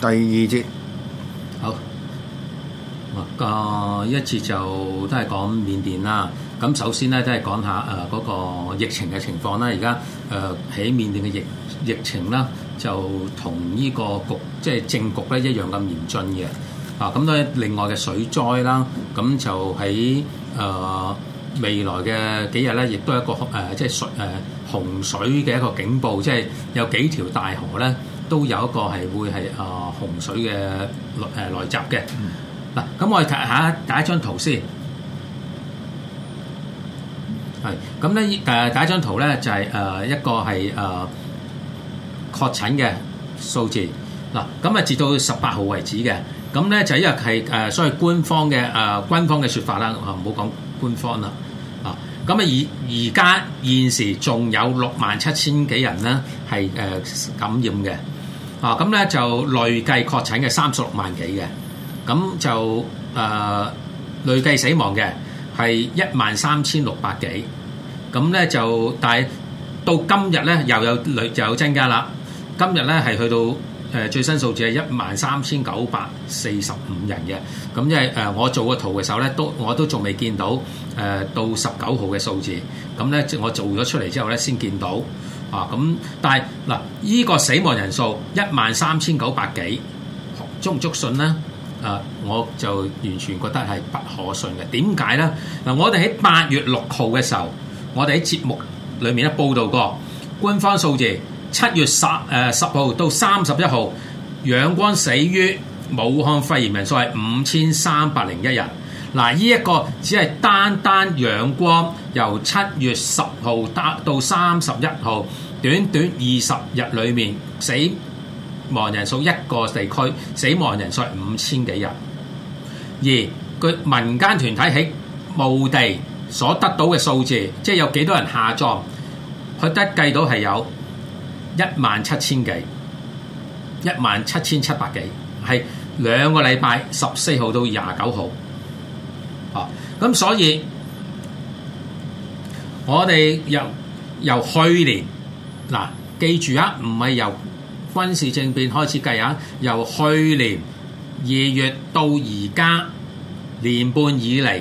第二節，好。個、呃、一節就都係講緬甸啦。咁首先咧都係講下誒嗰、呃那個疫情嘅情況啦。而家誒喺緬甸嘅疫疫情啦，就同呢個局即係、就是、政局咧一樣咁嚴峻嘅。啊，咁咧另外嘅水災啦，咁就喺誒、呃、未來嘅幾日咧，亦都有一個誒即係水誒洪水嘅一個警報，即、就、係、是、有幾條大河咧。都有一個係會係啊洪水嘅嚟誒嚟襲嘅。嗱，咁、嗯、我哋睇下第一張圖先，係咁咧誒第一張圖咧就係誒一個係誒確診嘅數字嗱，咁啊至到十八號為止嘅，咁咧就因為係誒所謂官方嘅誒官方嘅説法啦，啊唔好講官方啦啊，咁啊而而家現時仲有六萬七千幾人咧係誒感染嘅。啊，咁咧、哦、就累計確診嘅三十六萬幾嘅，咁就誒、呃、累計死亡嘅係一萬三千六百幾，咁咧就但係到今日咧又有累有增加啦。今日咧係去到、呃、最新數字係一萬三千九百四十五人嘅，咁因為我做個圖嘅時候咧，都我都仲未見到、呃、到十九號嘅數字，咁咧我做咗出嚟之後咧先見到。啊，咁但係嗱，依、這個死亡人數一萬三千九百幾，足唔足信咧？誒、啊，我就完全覺得係不可信嘅。點解咧？嗱、啊，我哋喺八月六號嘅時候，我哋喺節目裡面咧報導過官方數字，七月十誒十號到三十一號，仰光死於武漢肺炎人數係五千三百零一人。嗱，呢一個只係單單仰光，由七月十號到到三十一號，短短二十日裏面死亡人數，一個地區死亡人數五千幾人，而佢民間團體喺墓地所得到嘅數字，即係有幾多人下葬，佢得計到係有一萬七千幾，一萬七千七百幾，係兩個禮拜十四號到廿九號。哦，咁所以我哋由由去年嗱，記住啊，唔係由軍事政變開始計啊，由去年二月到而家年半以嚟，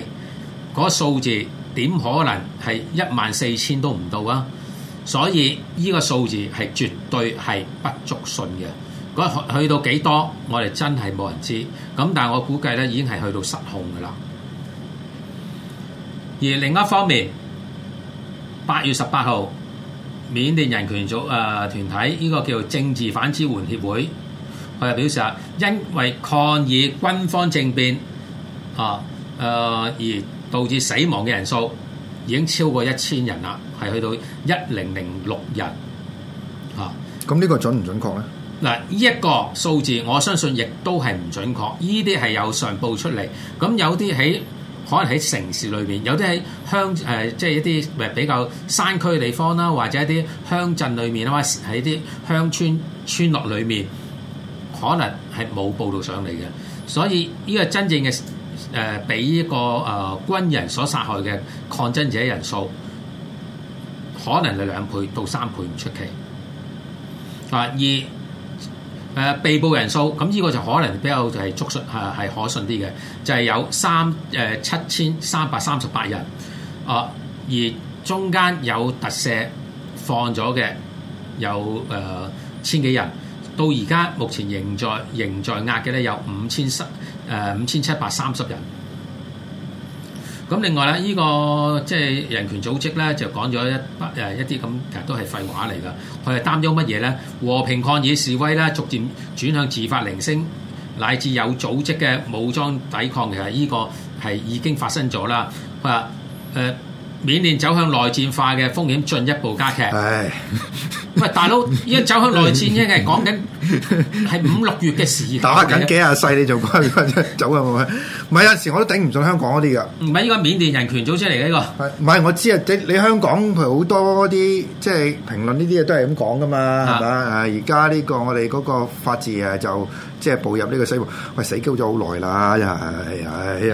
嗰數字點可能係一萬四千都唔到啊？所以呢個數字係絕對係不足信嘅。嗰去到幾多，我哋真係冇人知。咁但係我估計咧，已經係去到失控噶啦。而另一方面，八月十八號，緬甸人權組啊、呃、團體，呢、呢個叫政治反支援協會，佢就表示啊，因為抗議軍方政變啊，誒、呃、而導致死亡嘅人數已經超過一千人啦，係去到一零零六人啊。咁呢個準唔準確咧？嗱，呢一個數字，我相信亦都係唔準確。呢啲係有上報出嚟，咁有啲喺，可能喺城市裏面，有啲喺鄉誒，即係一啲比較山區嘅地方啦，或者一啲鄉鎮裏面啊，或者喺啲鄉村村落裏面，可能係冇報道上嚟嘅。所以呢個真正嘅誒，俾呢個誒軍人所殺害嘅抗爭者人數，可能係兩倍到三倍唔出奇。啊二。誒被捕人數，咁呢個就可能比較就係足信係係可信啲嘅，就係有三誒七千三百三十八人，哦，而中間有特赦放咗嘅，有誒千幾人，到而家目前仍在仍在押嘅咧，有五千七誒五千七百三十人。咁另外咧，呢個即係人權組織咧就講咗一不誒一啲咁，其實都係廢話嚟㗎。佢係擔憂乜嘢咧？和平抗議示威咧，逐漸轉向自發零星，乃至有組織嘅武裝抵抗，其實呢個係已經發生咗啦。佢話誒。呃緬甸走向內戰化嘅風險進一步加劇。唉喂，大佬，依家走向內戰已經係講緊係五六月嘅事，打緊幾廿世你就走啊，冇唔係有陣時我都頂唔順香港嗰啲噶。唔係呢個緬甸人權組織出嚟呢個。唔係我知啊，你香港譬如好多啲即係評論呢啲嘢都係咁講噶嘛，係嘛的？而家呢個我哋嗰個法治啊，就即、是、係步入呢個死亡喂，死鳩咗好耐啦，係，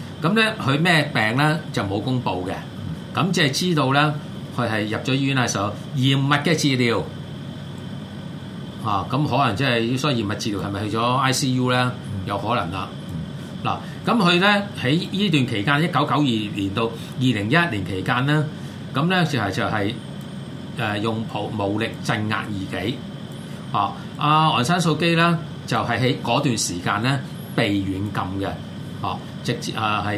咁咧佢咩病咧就冇公布嘅，咁即係知道咧佢係入咗醫院嘅時候嚴密嘅治療，啊咁可能即、就、係、是、所以嚴密治療係咪去咗 ICU 咧？嗯、有可能啦。嗱、啊，咁佢咧喺呢段期間，一九九二年到二零一一年期間咧，咁咧就係、是就是、用武力鎮壓異己。啊，阿昂山素姬呢，就係喺嗰段時間咧被軟禁嘅。哦，直接啊，係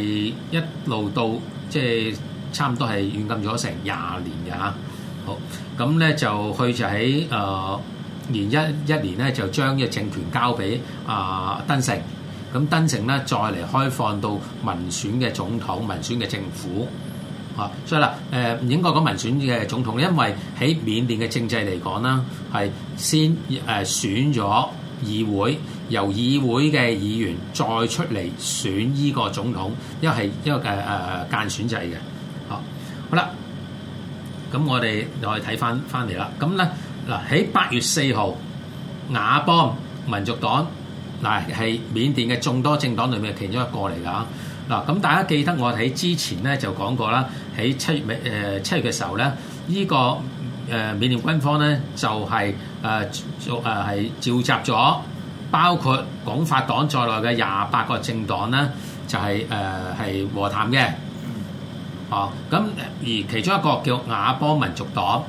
一路到即係差唔多係軟禁咗成廿年嘅嚇。好，咁咧就去就喺誒年一一年咧就將呢個政權交俾啊登盛，咁登盛咧再嚟開放到民選嘅總統、民選嘅政府。嚇，所以嗱誒，唔應該講民選嘅總統，因為喺緬甸嘅政制嚟講啦，係先誒選咗議會。由議會嘅議員再出嚟選呢個總統，因為係一個嘅誒、呃、間選制嘅。好啦，咁我哋又去睇翻翻嚟啦。咁咧嗱，喺八月四號，亞邦民族黨嗱係緬甸嘅眾多政黨裏面嘅其中一個嚟㗎。嗱，咁大家記得我喺之前咧就講過啦，喺七月誒七、呃、月嘅時候咧，呢、呢個誒、呃、緬甸軍方咧就係誒做誒係召集咗。包括鞏發黨在內嘅廿八個政黨咧，就是，就係誒係和談嘅，哦，咁而其中一個叫亞波民族黨，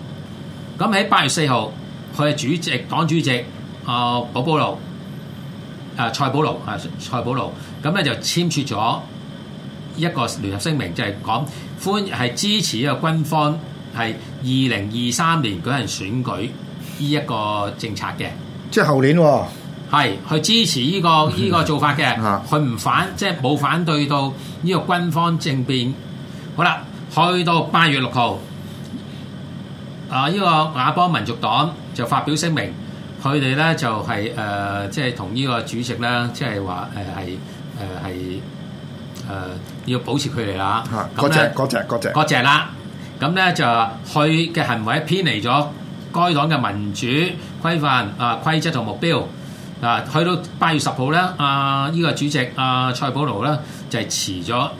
咁喺八月四號，佢係主席黨主席啊保布魯啊塞布魯啊塞布魯。咁、呃、咧就簽署咗一個聯合聲明，就係、是、講歡係支持一個軍方係二零二三年舉行選舉呢一個政策嘅，即係後年、哦。係，去支持呢、呢個依、呢個做法嘅，佢唔反，即係冇反對到呢個軍方政變。好啦，去到八月六號，啊，依、呢個亞邦民族黨就發表聲明，佢哋咧就係、係、誒，即係同呢個主席咧，即係話誒係誒係誒要保持距離啦。嗰隻嗰隻嗰隻嗰隻啦。咁咧就佢嘅行為偏離咗該黨嘅民主規範啊規則同目標。嗱，去到八月十號咧，阿呢個主席阿塞寶盧咧就係辭咗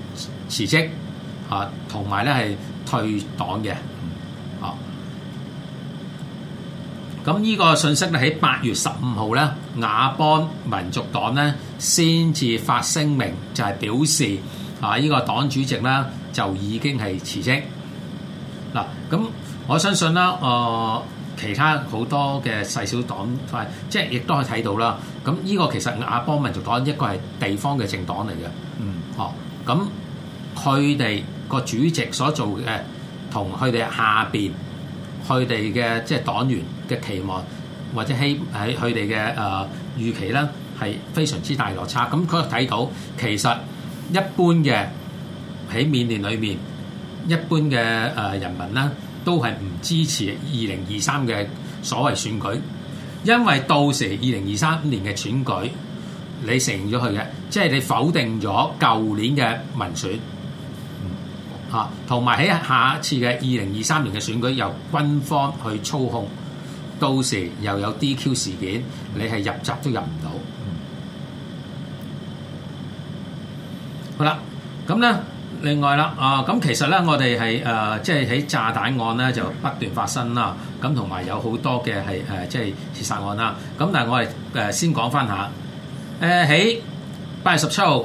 辭職，啊，同埋咧係退黨嘅，哦。咁呢個信息咧喺八月十五號咧，亞邦民族黨咧先至發聲明，就係表示啊呢個黨主席啦就已經係辭職。嗱，咁我相信啦。啊。其他好多嘅細小、小黨派，即係亦都可以睇到啦。咁呢個其實阿邦民族黨一個係地方嘅政黨嚟嘅，嗯，哦，咁佢哋個主席所做嘅，同佢哋下邊佢哋嘅即係黨員嘅期望或者希喺佢哋嘅誒預期咧，係非常之大的落差。咁佢睇到其實一般嘅喺緬甸裏面，一般嘅誒人民啦。都係唔支持二零二三嘅所謂選舉，因為到時二零二三年嘅選舉，你承認咗佢嘅，即係你否定咗舊年嘅民選，嚇，同埋喺下一次嘅二零二三年嘅選舉由軍方去操控，到時又有 DQ 事件，你係入閘都入唔到。好啦，咁咧。另外啦，啊，咁其實咧，我哋係誒，即係喺炸彈案咧，就不斷發生啦。咁同埋有好多嘅係誒，即係刺殺案啦。咁但係我哋誒先講翻下，誒喺八月十七號，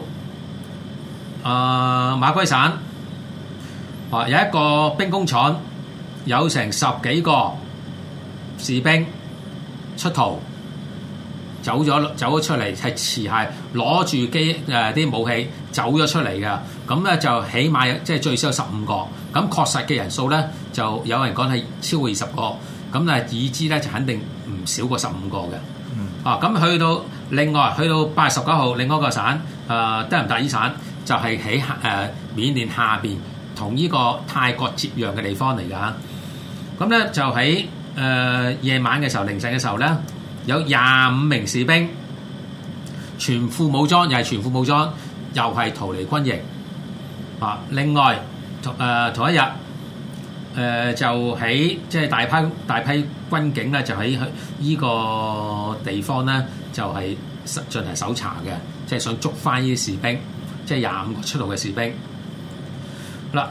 啊馬奎省，啊有一個兵工廠，有成十幾個士兵出逃。走咗，走咗出嚟，係持械攞住機誒啲武器走咗出嚟噶。咁咧就起碼即係最少有十五個，咁確實嘅人數咧就有人講係超過二十個，咁啊已知咧就肯定唔少過十五個嘅。嗯、啊，咁去到另外，去到八月十九號，另外一個省誒、呃、德林達依省，就係喺誒緬甸下邊同呢個泰國接壤嘅地方嚟㗎。咁咧就喺誒夜晚嘅時候、凌晨嘅時候咧。有廿五名士兵，全副武裝又係全副武裝，又係逃離軍營。啊！另外同誒同一日誒就喺即係大批大批軍警咧就喺依個地方咧就係進行搜查嘅，即係想捉翻依啲士兵，即係廿五個出逃嘅士兵。嗱，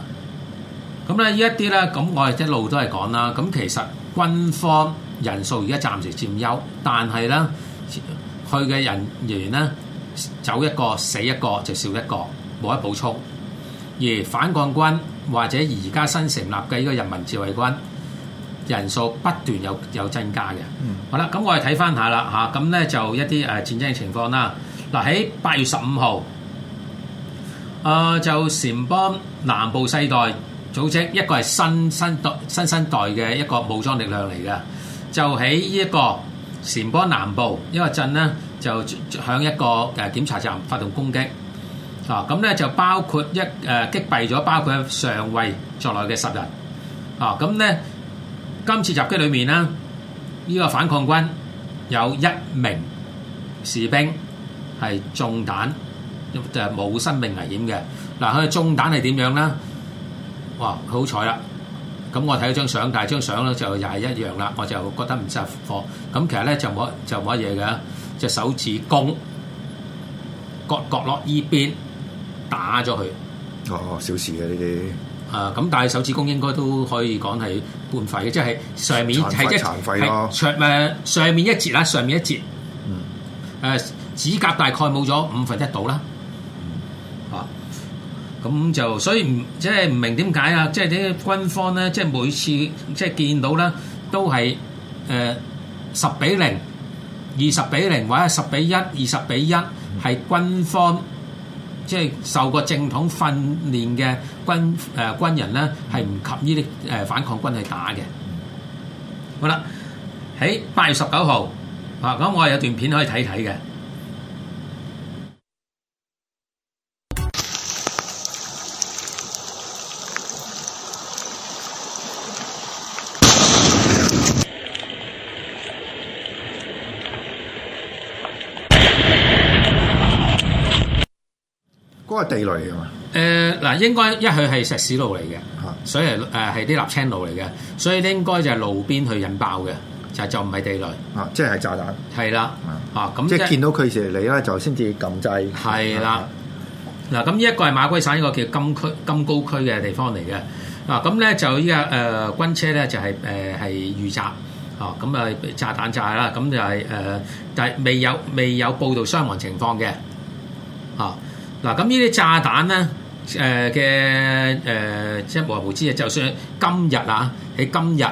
咁咧依一啲咧，咁我哋一路都係講啦。咁其實軍方。人數而家暫時佔優，但係咧去嘅人員咧走一個死一個就少一個，冇得補充。而反抗軍或者而家新成立嘅呢個人民自衛軍人數不斷有有增加嘅。好啦，咁我哋睇翻下啦嚇，咁咧就一啲誒戰爭情況啦。嗱，喺八月十五號，誒就撣邦南部世代組織一個係新新代新生代嘅一個武裝力量嚟嘅。就喺呢一個前波南部，一個鎮咧就響一個誒檢查站發動攻擊，啊咁咧就包括一誒擊斃咗包括上尉在內嘅十人，啊咁咧今次襲擊裏面咧，呢個反抗軍有一名士兵係中彈，就係冇生命危險嘅。嗱，佢中彈係點樣咧？哇！好彩啦～咁我睇咗張相，但係張相咧就又係一樣啦，我就覺得唔適合貨。咁其實咧就冇就冇乜嘢嘅，隻手指公個角落呢邊打咗佢。哦，小事嘅呢啲。啊，咁、啊、但係手指公應該都可以講係半廢嘅，即、就、係、是、上面係一，殘廢上面一截啦，上面一截，嗯。誒、呃，指甲大概冇咗五分一度啦。咁就所以唔即係唔明點解啊，即係啲軍方咧，即係每次即係見到咧，都係誒十比零、二十比零，或者十比一、二十比一，係軍方即係受過正統訓練嘅軍誒軍人咧，係唔及呢啲誒反抗軍去打嘅。好啦，喺八月十九號啊，咁我係有段片可以睇睇嘅。係地雷嚟嘛？誒嗱、呃，應該一佢係石屎路嚟嘅，啊、所以誒係啲瀝青路嚟嘅，所以應該就係路邊去引爆嘅，就就唔係地雷啊，即係炸彈。係啦，啊咁、嗯、即係是即見到佢時嚟啦，就先至撳掣。係啦，嗱咁呢一個係馬圭省，呢個叫金區金高區嘅地方嚟嘅嗱，咁、啊、咧就依家誒軍車咧就係誒係遇炸，哦、呃、咁啊炸彈炸啦，咁就係誒但係未有未有報道傷亡情況嘅啊。嗱，咁呢啲炸彈咧，嘅、呃、誒、呃，即係無日無之啊！就算今日啊，喺今日、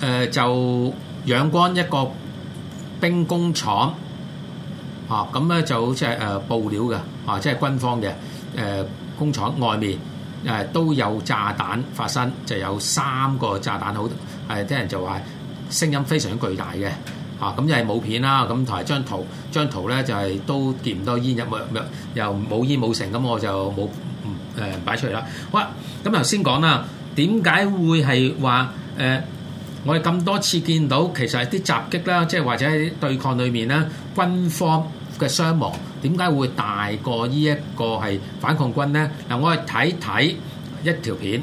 呃、就仰光一個兵工廠啊，咁、啊、咧就好似係誒布料嘅啊，即係軍方嘅、呃、工廠外面、啊、都有炸彈發生，就有三個炸彈，好誒啲、啊、人就話聲音非常巨大嘅。啊，咁就係冇片啦。咁同埋張圖，張圖咧就係都見唔到煙入，又冇煙冇成，咁我就冇誒擺出嚟啦。好！咁頭先講啦，點解會係話誒我哋咁多次見到其實係啲襲擊啦，即係或者對抗裏面咧，軍方嘅傷亡點解會大過呢一個係反抗軍咧？嗱，我哋睇睇一條片。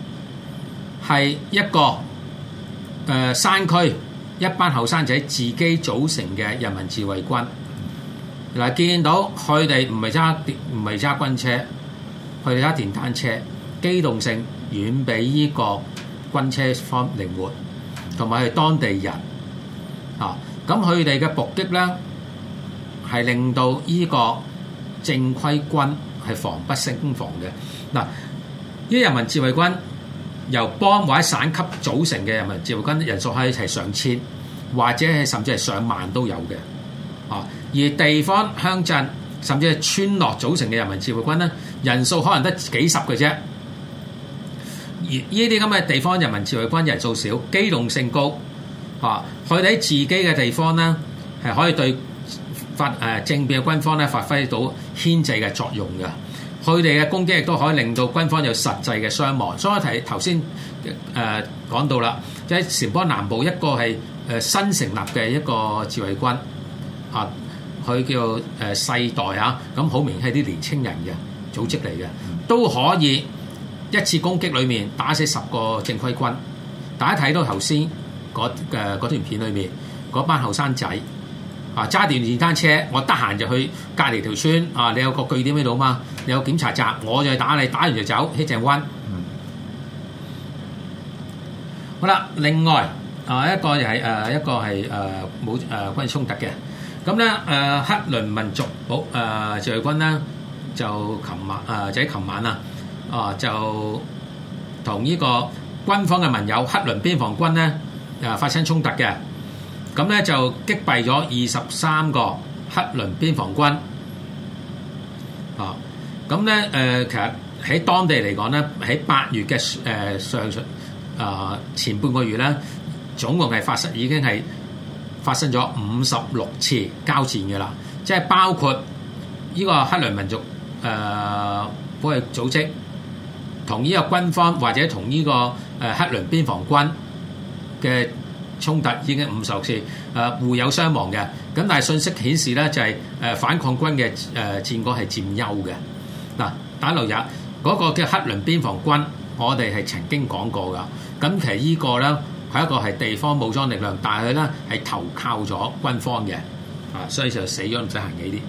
係一個誒山區，一班後生仔自己組成嘅人民自衛軍。嗱，見到佢哋唔係揸唔係揸軍車，佢哋揸電單車，機動性遠比依個軍車方靈活，同埋係當地人啊。咁佢哋嘅伏擊咧，係令到依個正規軍係防不勝防嘅。嗱，依啲人民自衛軍，由邦或者省級組成嘅人民自衛軍，人數可以係上千，或者係甚至係上萬都有嘅。哦，而地方鄉鎮甚至係村落組成嘅人民自衛軍咧，人數可能得幾十嘅啫。而呢啲咁嘅地方人民自衛軍，人數少，機動性高，嚇佢哋喺自己嘅地方咧，係可以對發誒政變嘅軍方咧發揮到牽制嘅作用嘅。佢哋嘅攻擊亦都可以令到軍方有實際嘅傷亡，所以我睇頭先誒講到啦，即係前波南部一個係誒、呃、新成立嘅一個自衛軍、呃他呃、啊，佢叫誒世代嚇，咁好明顯係啲年青人嘅組織嚟嘅，都可以一次攻擊裏面打死十個正規軍，大家睇到頭先嗰嗰段片裏面嗰班後生仔。啊！揸電電單車，我得閒就去隔離條村。啊！你有個據點喺度嘛？你有檢查站，我就去打你，打完就走。喺靖安。嗯。好啦，另外啊，一個又係誒一個係誒冇誒軍事衝突嘅。咁咧誒克倫民族保，誒自衛軍咧，就琴晚誒就喺琴晚啊，就晚啊就同呢個軍方嘅盟友克倫邊防軍咧、啊、發生衝突嘅。咁咧就擊斃咗二十三個克倫邊防軍啊！咁咧其實喺當地嚟講咧，喺八月嘅上旬前半個月咧，總共係發生已經係發生咗五十六次交戰嘅啦，即係包括呢個克倫民族誒保衛組織同呢個軍方或者同呢個誒克倫邊防軍嘅。衝突已經五十次，誒互有傷亡嘅。咁但係信息顯示咧，就係誒反抗軍嘅誒戰果係佔優嘅。嗱，打六日嗰個叫克倫邊防軍，我哋係曾經講過噶。咁其實呢個咧係一個係地方武裝力量，但係佢咧係投靠咗軍方嘅，啊，所以就死咗唔使行幾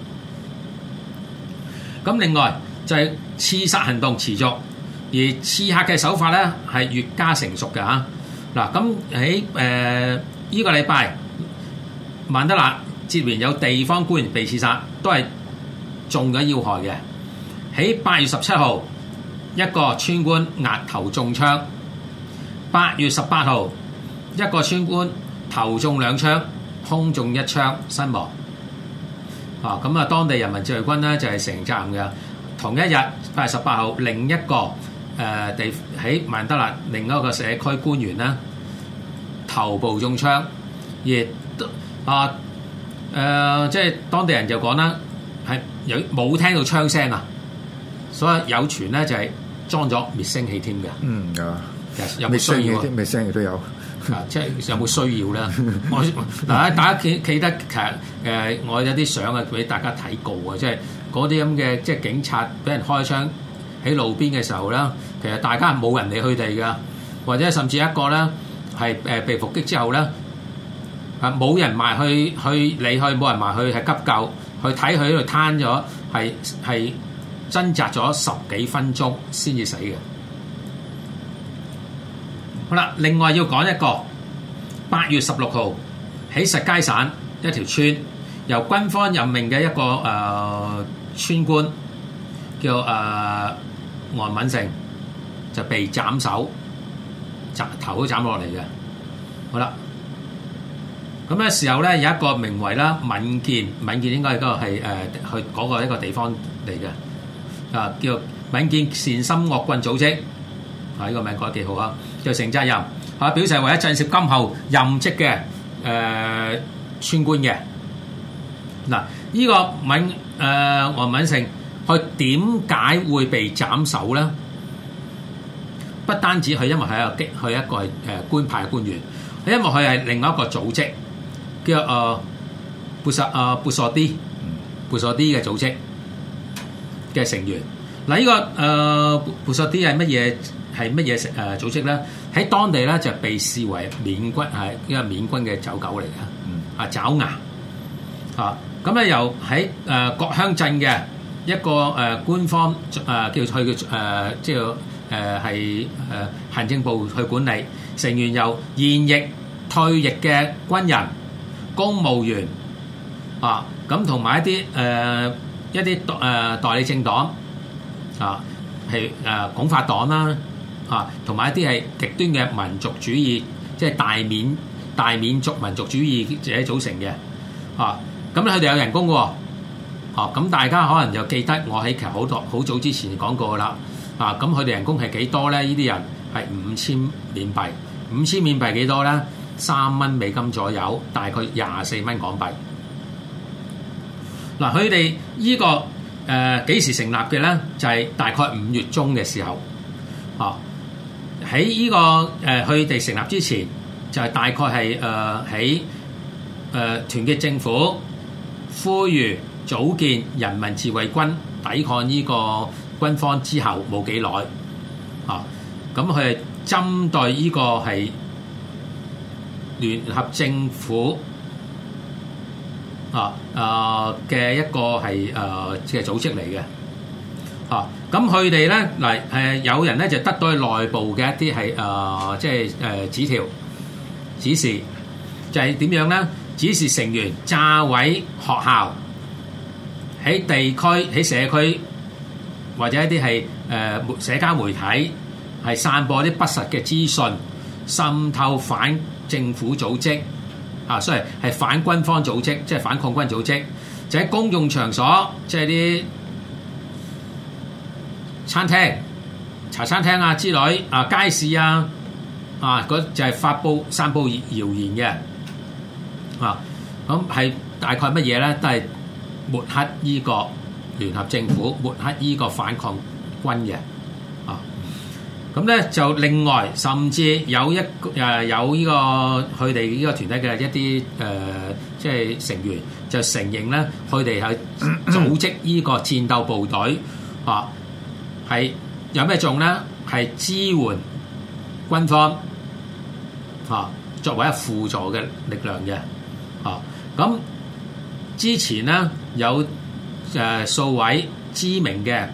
啲。咁另外就係刺殺行動持續，而刺客嘅手法咧係越加成熟嘅嚇。嗱，咁喺誒依個禮拜，曼德勒接連有地方官員被刺殺，都係中咗要害嘅。喺八月十七號，一個村官額頭中槍；八月十八號，一個村官頭中兩槍，胸中一槍身亡。啊，咁啊，當地人民自衛軍咧就係承擔嘅。同一日八月十八號，另一個。誒地喺曼德勒另一個社區官員咧，頭部中槍，亦啊、呃、即係當地人就講啦，係有冇聽到槍聲啊？所以有傳咧就係、是、裝咗滅聲器添嘅。嗯，有。有冇需要啲滅聲都有。啊，即係有冇需要咧？我嗱，大家記得其實、呃、我有啲相啊俾大家睇過啊，即係嗰啲咁嘅即係警察俾人開槍。喺路邊嘅時候啦，其實大家係冇人理佢哋㗎，或者甚至一個咧係誒被伏擊之後咧，係冇人埋去去你去冇人埋去係急救，去睇佢喺度攤咗，係係掙扎咗十幾分鐘先至死嘅。好啦，另外要講一個八月十六號喺石階省一條村，由軍方任命嘅一個誒村官叫誒。岸敏成就被斬首，斬頭都斬落嚟嘅。好啦，咁咧時候咧有一個名為啦敏健，敏健應該都係誒去嗰個一個地方嚟嘅，啊叫敏健善心惡棍組織，啊呢個名講得幾好啊，叫承責任嚇，表示為咗震懾今後任職嘅誒村官嘅，嗱呢個敏誒岸敏成。佢點解會被斬首咧？不單止佢因為係一個激，佢一個係誒官派嘅官員，因為佢係另外一個組織叫誒布索誒布索啲布索啲嘅組織嘅成員。嗱，呢個誒布索啲係乜嘢係乜嘢食誒組織咧？喺當地咧就被視為緬軍係呢個緬軍嘅走狗嚟嘅啊爪牙啊。咁咧又喺誒各鄉鎮嘅。一個誒官方誒叫去嘅誒，即係誒係誒行政部去管理成員，由現役、退役嘅軍人、公務員啊，咁同埋一啲誒、啊、一啲誒代理政黨啊，係誒鞏發黨啦啊，同埋、啊、一啲係極端嘅民族主義，即係大緬大緬族民族主義者組成嘅啊，咁佢哋有人工嘅喎。哦，咁大家可能就記得我喺其實好多好早之前講過啦。啊，咁佢哋人工係幾多咧？呢啲人係五千緬幣，五千緬幣幾多咧？三蚊美金左右，大概廿四蚊港幣他們、這個。嗱、呃，佢哋呢個誒幾時成立嘅咧？就係、是、大概五月中嘅時候在、這個。哦、呃，喺呢個誒佢哋成立之前，就係、是、大概係誒喺誒團結政府呼籲。組建人民自衛軍抵抗呢個軍方之後冇幾耐，啊，咁佢針對呢個係聯合政府啊啊嘅一個係啊嘅組織嚟嘅，啊，咁佢哋咧嗱誒有人咧就得到內部嘅一啲係啊即係誒紙條指示，就係點樣咧？指示成員炸毀學校。喺地區、喺社區或者一啲係誒社交媒體，係散播啲不實嘅資訊，滲透反政府組織啊，雖然係反軍方組織，即係反抗軍組織，就喺公用場所，即係啲餐廳、茶餐廳啊之類，啊街市啊，啊嗰就係發布、散佈謠言嘅啊，咁係大概乜嘢咧？都係。抹黑依個聯合政府，抹黑依個反抗軍嘅啊！咁咧就另外，甚至有一誒有呢個佢哋呢個團體嘅一啲誒，即係成員就承認咧，佢哋係組織依個戰鬥部隊啊，係有咩用咧？係支援軍方啊，作為輔助嘅力量嘅啊，咁。之前咧有誒數位知名嘅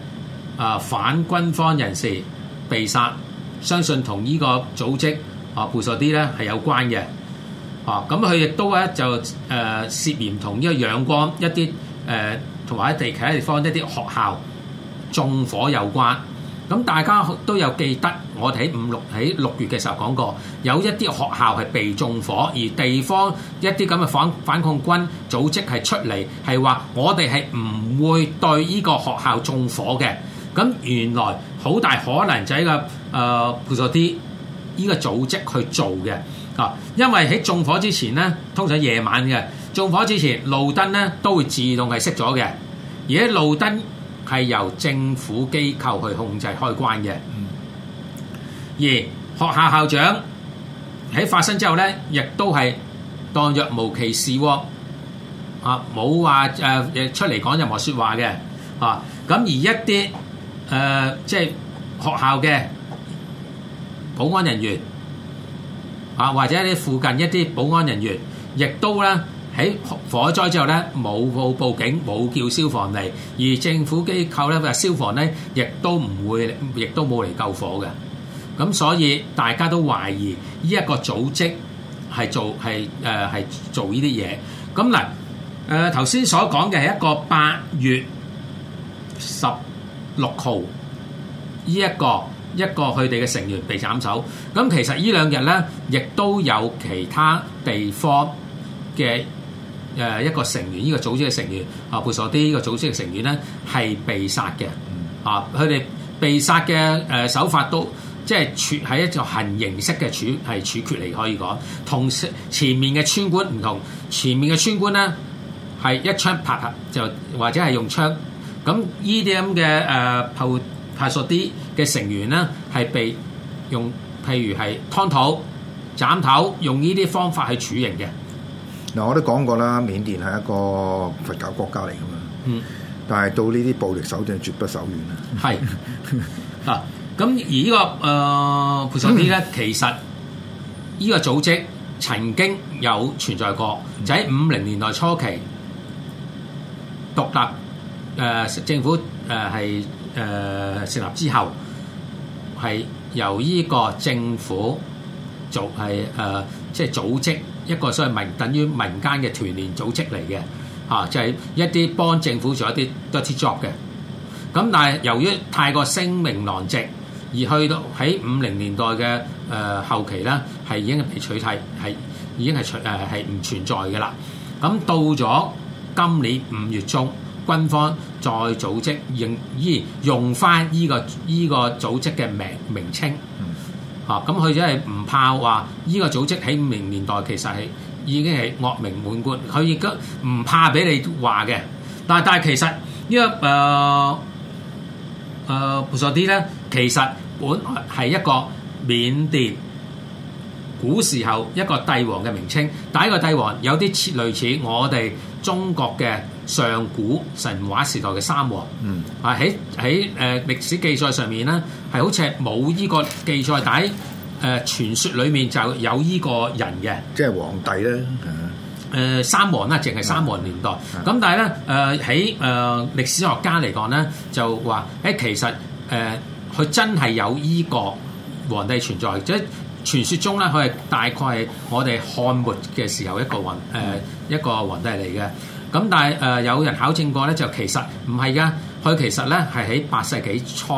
啊反軍方人士被殺，相信同呢個組織啊背後啲咧係有關嘅。哦，咁佢亦都咧就誒涉嫌同呢個仰光一啲誒，同埋喺地其他地方一啲學校縱火有關。咁大家都有記得。我哋五六喺六月嘅時候講過，有一啲學校係被縱火，而地方一啲咁嘅反反抗軍組織係出嚟，係話我哋係唔會對呢個學校縱火嘅。咁原來好大可能就係一個誒 Brooti 呢個組織去做嘅啊，因為喺縱火之前咧，通常夜晚嘅縱火之前，路燈咧都會自動係熄咗嘅，而喺路燈係由政府機構去控制開關嘅。而學校校長喺發生之後咧，亦都係當若無其事喎，啊冇話誒出嚟講任何説話嘅，啊咁而一啲誒即係學校嘅保安人員啊，或者啲附近一啲保安人員，亦都咧喺火災之後咧冇報報警，冇叫消防嚟，而政府機構咧，消防咧亦都唔會，亦都冇嚟救火嘅。咁所以大家都懷疑呢一個組織係做係誒係做依啲嘢。咁嗱誒頭先所講嘅係一個八月十六號呢一個一個佢哋嘅成員被斬首。咁其實這兩天呢兩日咧，亦都有其他地方嘅誒一個成員，呢個組織嘅成員啊，貝索啲依個組織嘅成員咧係被殺嘅啊。佢哋被殺嘅誒、呃、手法都。即係處係一種行形式嘅處係處決嚟可以講，同前面嘅村官唔同。前面嘅村官咧係一槍拍下就或者係用槍，咁呢啲咁嘅誒派索啲嘅成員咧係被用譬如係劏肚斬頭，用呢啲方法去處刑嘅。嗱，我都講過啦，緬甸係一個佛教國家嚟㗎嘛。嗯，但係到呢啲暴力手段係絕不手軟啊。係啊。咁而呢個誒僕塞啲咧，其實呢個組織曾經有存在過，就喺五零年代初期獨立誒政府誒係誒成立之後，係由呢個政府做係誒即係組織一個所謂民等於民間嘅團練組織嚟嘅，嚇就係一啲幫政府做一啲 dirty job 嘅。咁但係由於太過聲名狼藉。而去到喺五零年代嘅誒、呃、後期咧，係已經被取替，係已經係存誒係唔存在嘅啦。咁到咗今年五月中，軍方再組織，用依用翻依、依個依、依個組織嘅名名稱。嚇、啊！咁佢真係唔怕話依個組織喺五零年代其實係已經係惡名滿貫，佢亦都唔怕俾你話嘅。但係但係其實、呃呃、呢個誒誒啲咧。其實本來係一個緬甸古時候一個帝王嘅名稱，第一個帝王有啲似類似我哋中國嘅上古神話時代嘅三皇。嗯，啊喺喺誒歷史記載上面咧係好似冇依個記載，但喺誒傳說裡面就有依個人嘅，即係皇帝咧，誒、呃、三皇咧，淨係三皇年代，咁、嗯、但係咧誒喺誒歷史學家嚟講咧就話誒、呃、其實誒。呃佢真係有依個皇帝存在，即傳說中咧，佢係大概係我哋漢末嘅時候一個皇帝，誒一個皇帝嚟嘅。咁但係誒有人考證過咧，就其實唔係噶，佢其實咧係喺八世紀初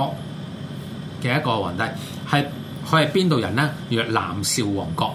嘅一個皇帝，係佢係邊度人咧？越南少王國。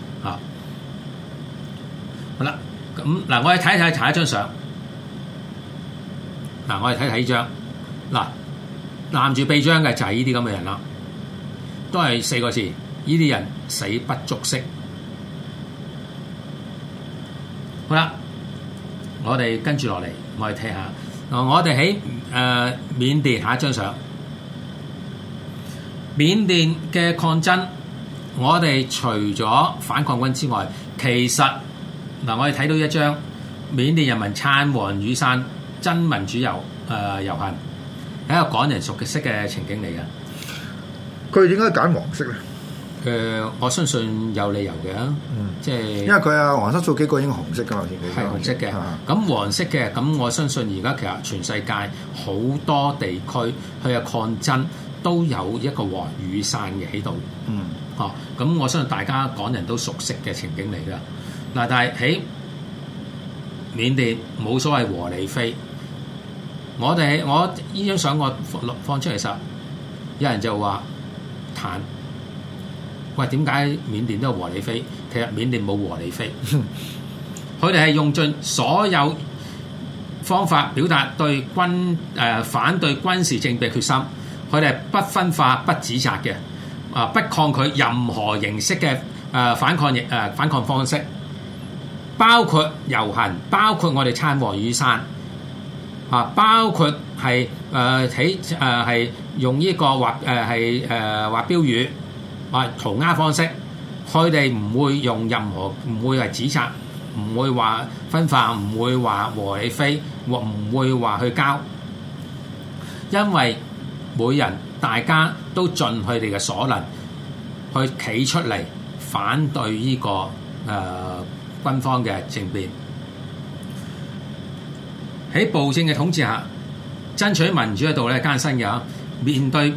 好啦，咁嗱，我哋睇一睇下一張相，嗱，我哋睇睇呢張，嗱，攬住鼻張嘅就係呢啲咁嘅人啦，都係四個字，呢啲人死不足惜。好啦，我哋跟住落嚟，我哋睇下，我哋喺誒緬甸下一張相，緬甸嘅抗爭，我哋除咗反抗軍之外，其實。嗱、啊，我哋睇到一張緬甸人民撐黃雨傘真民主遊誒、呃、遊行，係一個港人熟悉嘅情景嚟嘅。佢點解揀黃色咧？誒、呃，我相信有理由嘅。嗯，即係是因為佢啊，黃室做幾個已經紅色噶啦，係紅色嘅。咁黃色嘅，咁我相信而家其實全世界好多地區佢嘅抗爭都有一個黃雨傘嘅喺度。嗯，哦、啊，咁我相信大家港人都熟悉嘅情景嚟㗎。嗱，但係喺緬甸冇所謂和理非，我哋我呢張相我放出嚟時候，有人就話彈，喂，點解緬甸都有和理非？其實緬甸冇和理非，佢哋係用盡所有方法表達對軍誒反對軍事政變決心，佢哋係不分化、不指責嘅，啊不抗拒任何形式嘅誒反抗亦反抗方式。包括遊行，包括我哋撐黃雨傘，嚇，包括係誒喺誒係用呢個畫誒係誒畫標語啊塗鴉方式，佢哋唔會用任何唔會係指責，唔會話分化，唔會話和理非，或唔會話去交，因為每人大家都盡佢哋嘅所能去企出嚟反對呢、這個。誒、呃。軍方嘅政變喺暴政嘅統治下，爭取民主嗰度咧艱辛嘅面對誒、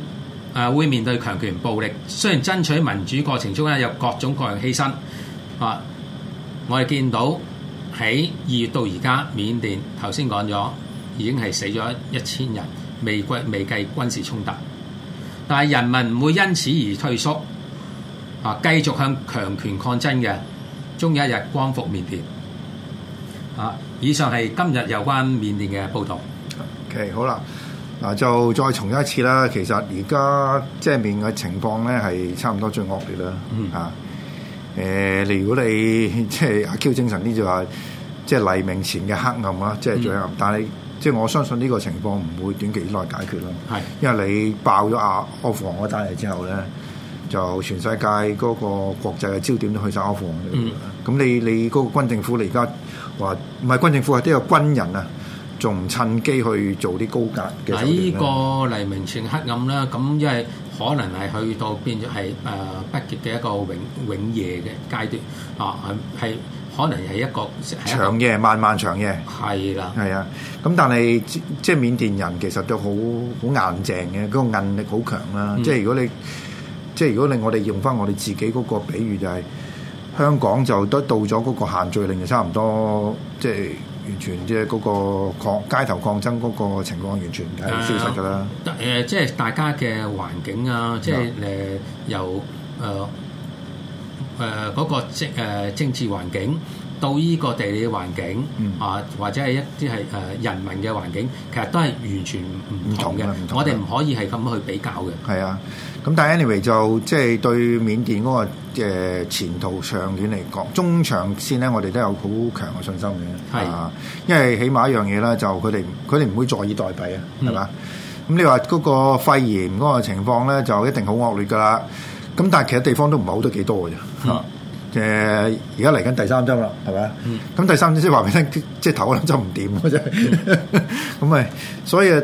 啊、會面對強權暴力。雖然爭取民主的過程中咧有各種各樣犧牲啊，我哋見到喺二月到而家，緬甸頭先講咗已經係死咗一千人，未計未計軍事衝突，但係人民唔會因此而退縮啊，繼續向強權抗爭嘅。終有一日光復緬甸。啊，以上係今日有關緬甸嘅報道。OK，好啦，嗱就再重一次啦。其實而家即係面嘅情況咧，係差唔多最惡劣啦。嗯啊，誒、呃，如果你即係阿 Q 精神呢，就話，即係黎明前嘅黑暗啦，即、就、係、是、最暗。嗯、但係即係我相信呢個情況唔會短期之內解決咯。係，因為你爆咗阿阿富汗嗰單嘢之後咧。就全世界嗰個國際嘅焦點都去晒阿富汗，咁、嗯、你你嗰個軍政府你而家話唔係軍政府啊，都有軍人啊，仲唔趁機去做啲高格嘅喺呢咧。喺呢個黎明前黑暗啦，咁因為可能係去到變咗係誒北極嘅一個永永夜嘅階段啊，係可能係一個，一個長夜，漫漫長夜。係啦，係啊，咁但係即係緬甸人其實都好好硬淨嘅，嗰、那個韌力好強啦，嗯、即係如果你。即係如果令我哋用翻我哋自己嗰個比喻就係、是、香港就得到咗嗰個限聚令就差唔多，即係完全即係嗰個抗街頭抗爭嗰個情況完全消失㗎啦、呃呃。即係大家嘅環境啊，即係誒由嗰個政政治環境。到依個地理環境啊，嗯、或者係一啲係誒人民嘅環境，其實都係完全唔同嘅。唔同、我哋唔可以係咁去比較嘅。係啊，咁但係 anyway 就即、係、係對緬甸嗰個嘅前途長遠嚟講，中長線咧，我哋都有好強嘅信心嘅。係啊，因為起碼一樣嘢呢，就佢哋佢哋唔會坐以待斃啊，係嘛、嗯？咁你話嗰個肺炎嗰個情況咧，就一定好惡劣噶啦。咁但係其他地方都唔係好得幾多嘅啫。嗯誒而家嚟緊第三針啦，係咪？咁、嗯、第三針先話畀你聽，即係頭嗰兩針唔掂啊！真係咁啊，所以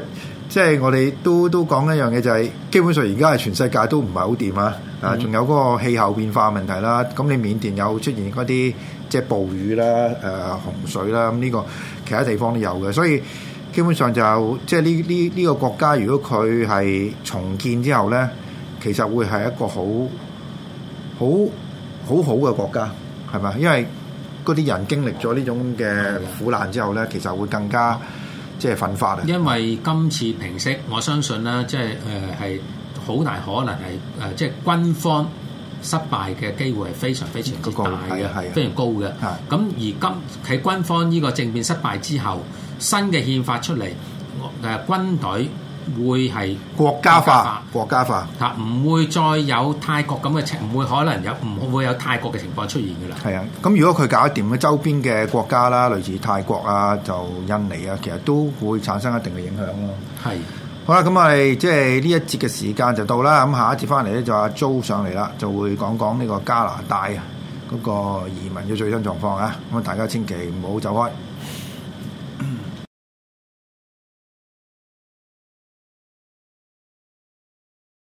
即係我哋都都講一樣嘢、就是，就係基本上而家係全世界都唔係好掂啊！啊，仲有嗰個氣候變化問題啦。咁你緬甸有出現嗰啲即係暴雨啦、誒、呃、洪水啦。咁、嗯、呢、呢個其他地方都有嘅。所以基本上就即係呢呢呢個國家，如果佢係重建之後咧，其實會係一個好好。很好好嘅國家，係咪？因為嗰啲人經歷咗呢種嘅苦難之後咧，的其實會更加即係奮發啊！因為今次平息，我相信咧，即係誒係好大可能係誒，即係軍方失敗嘅機會係非常非常之大嘅，係非常高嘅。咁而今喺軍方呢個政變失敗之後，新嘅憲法出嚟，誒軍隊。會係國家化，國家化，國家化嚇，唔會再有泰國咁嘅情，唔會可能有，唔會有泰國嘅情況出現嘅啦。係啊，咁如果佢搞掂咗周邊嘅國家啦，類似泰國啊，就印尼啊，其實都會產生一定嘅影響咯。係的，好啦，咁啊，即係呢一節嘅時間就到啦。咁下一節翻嚟咧，就阿 Jo 上嚟啦，就會講講呢個加拿大嗰個移民嘅最新狀況啊。咁啊，大家千祈唔好走開。